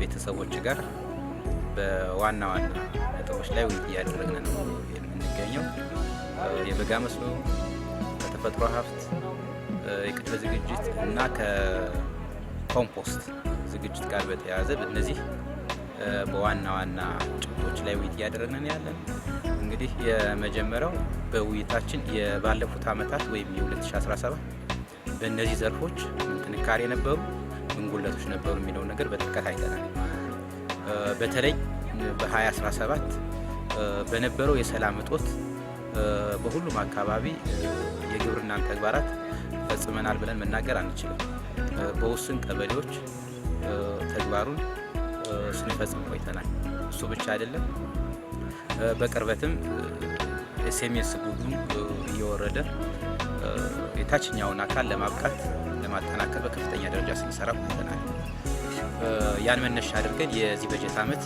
ቤተሰቦች ጋር በዋና ዋና ነጥቦች ላይ ውይይት እያደረግን ነው የምንገኘው። የበጋ መስኖ ከተፈጥሮ ሀብት የቅድመ ዝግጅት እና ከኮምፖስት ዝግጅት ጋር በተያያዘ እነዚህ በዋና ዋና ጭብጦች ላይ ውይይት እያደረግን ያለን። እንግዲህ የመጀመሪያው በውይይታችን ባለፉት ዓመታት ወይም የ2017 በእነዚህ ዘርፎች ጥንካሬ ነበሩ ምን ጉድለቶች ነበሩ የሚለውን ነገር በጥልቀት አይተናል። በተለይ በ2017 በነበረው የሰላም እጦት በሁሉም አካባቢ የግብርናን ተግባራት ፈጽመናል ብለን መናገር አንችልም። በውስን ቀበሌዎች ተግባሩን ስንፈጽም ቆይተናል። እሱ ብቻ አይደለም፣ በቅርበትም ኤስኤምኤስ ጉዱም እየወረደ የታችኛውን አካል ለማብቃት ለማጠናከር በከፍተኛ ደረጃ ስንሰራ ቆይተናል። ያን መነሻ አድርገን የዚህ በጀት ዓመት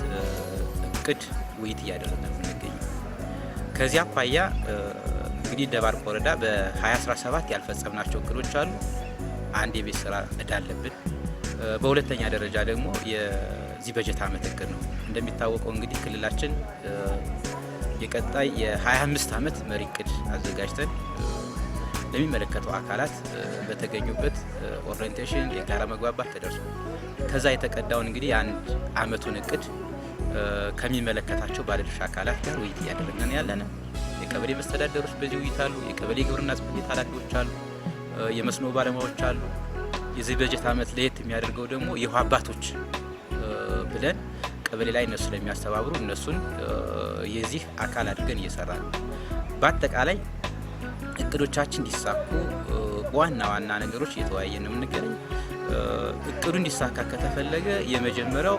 እቅድ ውይይት እያደረግን የምንገኝ ከዚያ አኳያ እንግዲህ ደባርቅ ወረዳ በ2017 ያልፈጸምናቸው እቅዶች አሉ። አንድ የቤት ስራ እዳለብን። በሁለተኛ ደረጃ ደግሞ የዚህ በጀት ዓመት እቅድ ነው። እንደሚታወቀው እንግዲህ ክልላችን የቀጣይ የ25 ዓመት መሪ እቅድ አዘጋጅተን በሚመለከተው አካላት በተገኙበት ኦሪንቴሽን የጋራ መግባባት ተደርሶ ከዛ የተቀዳውን እንግዲህ የአንድ አመቱን እቅድ ከሚመለከታቸው ባለድርሻ አካላት ጋር ውይይት እያደረግን ያለን የቀበሌ መስተዳደሮች በዚህ ውይይት አሉ። የቀበሌ ግብርና ጽሕፈት ቤት ኃላፊዎች አሉ። የመስኖ ባለሙያዎች አሉ። የዚህ በጀት አመት ለየት የሚያደርገው ደግሞ የውሃ አባቶች ብለን ቀበሌ ላይ እነሱ ስለሚያስተባብሩ እነሱን የዚህ አካል አድርገን እየሰራ ነው። በአጠቃላይ እቅዶቻችን እንዲሳኩ ዋና ዋና ነገሮች እየተወያየ ነው የምንገኝ። እቅዱ እንዲሳካ ከተፈለገ የመጀመሪያው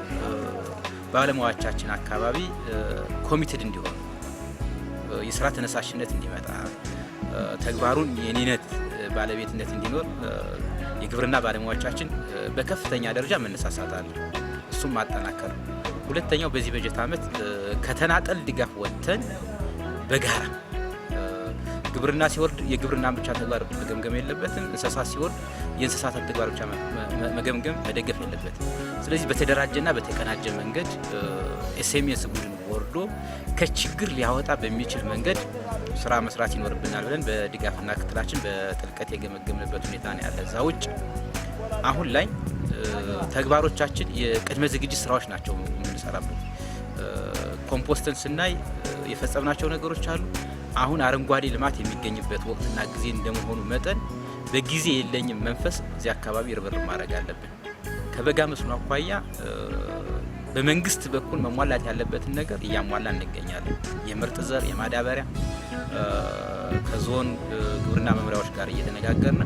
ባለሙያዎቻችን አካባቢ ኮሚትድ እንዲሆኑ የስራ ተነሳሽነት እንዲመጣ ተግባሩን የኔነት ባለቤትነት እንዲኖር የግብርና ባለሙያዎቻችን በከፍተኛ ደረጃ መነሳሳት አለ። እሱም ማጠናከር። ሁለተኛው በዚህ በጀት ዓመት ከተናጠል ድጋፍ ወጥተን በጋራ ግብርና ሲወርድ የግብርና ብቻ ተግባር መገምገም የለበትም። እንስሳት ሲወርድ የእንስሳት ተግባር ብቻ መገምገም መደገፍ የለበትም። ስለዚህ በተደራጀና በተቀናጀ መንገድ ኤስኤምኤስ ቡድን ወርዶ ከችግር ሊያወጣ በሚችል መንገድ ስራ መስራት ይኖርብናል ብለን በድጋፍና ክትላችን በጥልቀት የገመገምንበት ሁኔታ ነው ያለ። እዛ ውጭ አሁን ላይ ተግባሮቻችን የቅድመ ዝግጅት ስራዎች ናቸው የምንሰራበት። ኮምፖስትን ስናይ የፈጸምናቸው ነገሮች አሉ። አሁን አረንጓዴ ልማት የሚገኝበት ወቅትና ጊዜ እንደመሆኑ መጠን በጊዜ የለኝም መንፈስ እዚህ አካባቢ ርብርብ ማድረግ አለብን። ከበጋ መስኖ አኳያ በመንግስት በኩል መሟላት ያለበትን ነገር እያሟላ እንገኛለን። የምርጥ ዘር፣ የማዳበሪያ ከዞን ግብርና መምሪያዎች ጋር እየተነጋገርን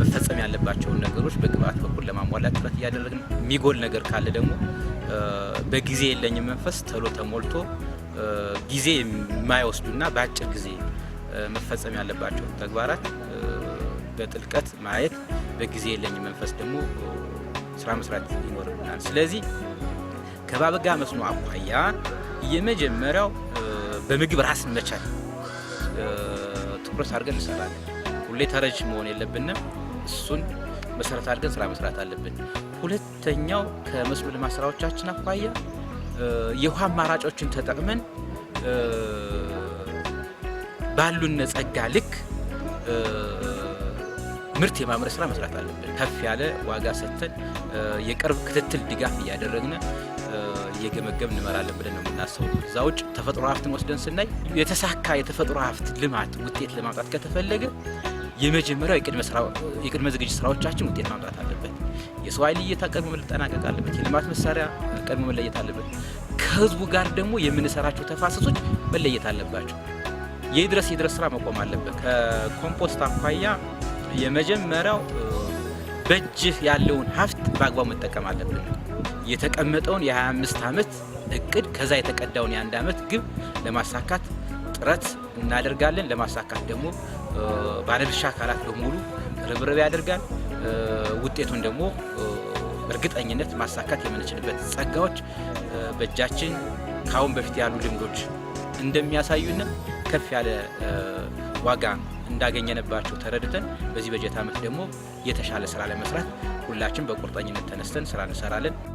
መፈጸም ያለባቸውን ነገሮች በግብአት በኩል ለማሟላት ጥረት እያደረግን፣ የሚጎል ነገር ካለ ደግሞ በጊዜ የለኝም መንፈስ ተሎ ተሞልቶ ጊዜ የማይወስዱና በአጭር ጊዜ መፈጸም ያለባቸው ተግባራት በጥልቀት ማየት በጊዜ የለኝ መንፈስ ደግሞ ስራ መስራት ይኖርብናል። ስለዚህ ከባበጋ መስኖ አኳያ የመጀመሪያው በምግብ ራስን መቻል ትኩረት አድርገን እንሰራለን። ሁሌ ተረጅ መሆን የለብንም። እሱን መሰረት አድርገን ስራ መስራት አለብን። ሁለተኛው ከመስኖ ልማት ስራዎቻችን አኳያ የውሃ አማራጮችን ተጠቅመን ባሉን ጸጋ ልክ ምርት የማምረት ስራ መስራት አለብን። ከፍ ያለ ዋጋ ሰጥተን የቅርብ ክትትል ድጋፍ እያደረግን እየገመገብ እንመራለን ብለን ነው የምናስበው። እዛ ውጭ ተፈጥሮ ሀብትን ወስደን ስናይ የተሳካ የተፈጥሮ ሀብት ልማት ውጤት ለማምጣት ከተፈለገ የመጀመሪያው የቅድመ ዝግጅት ስራዎቻችን ውጤት ማምጣት አለ የሰው ኃይል እይታ ቀድሞ መጠናቀቅ አለበት። የልማት መሳሪያ ቀድሞ መለየት አለበት። ከህዝቡ ጋር ደግሞ የምንሰራቸው ተፋሰሶች መለየት አለባቸው። የድረስ የድረስ ስራ መቆም አለበት። ከኮምፖስት አኳያ የመጀመሪያው በእጅህ ያለውን ሀብት በአግባቡ መጠቀም አለብን። የተቀመጠውን የ25 ዓመት እቅድ ከዛ የተቀዳውን የአንድ ዓመት ግብ ለማሳካት ጥረት እናደርጋለን። ለማሳካት ደግሞ ባለድርሻ አካላት በሙሉ ርብርብ ያደርጋል። ውጤቱን ደግሞ እርግጠኝነት ማሳካት የምንችልበት ጸጋዎች በእጃችን ከአሁን በፊት ያሉ ልምዶች እንደሚያሳዩንም ከፍ ያለ ዋጋ እንዳገኘንባቸው ተረድተን በዚህ በጀት ዓመት ደግሞ የተሻለ ስራ ለመስራት ሁላችን በቁርጠኝነት ተነስተን ስራ እንሰራለን።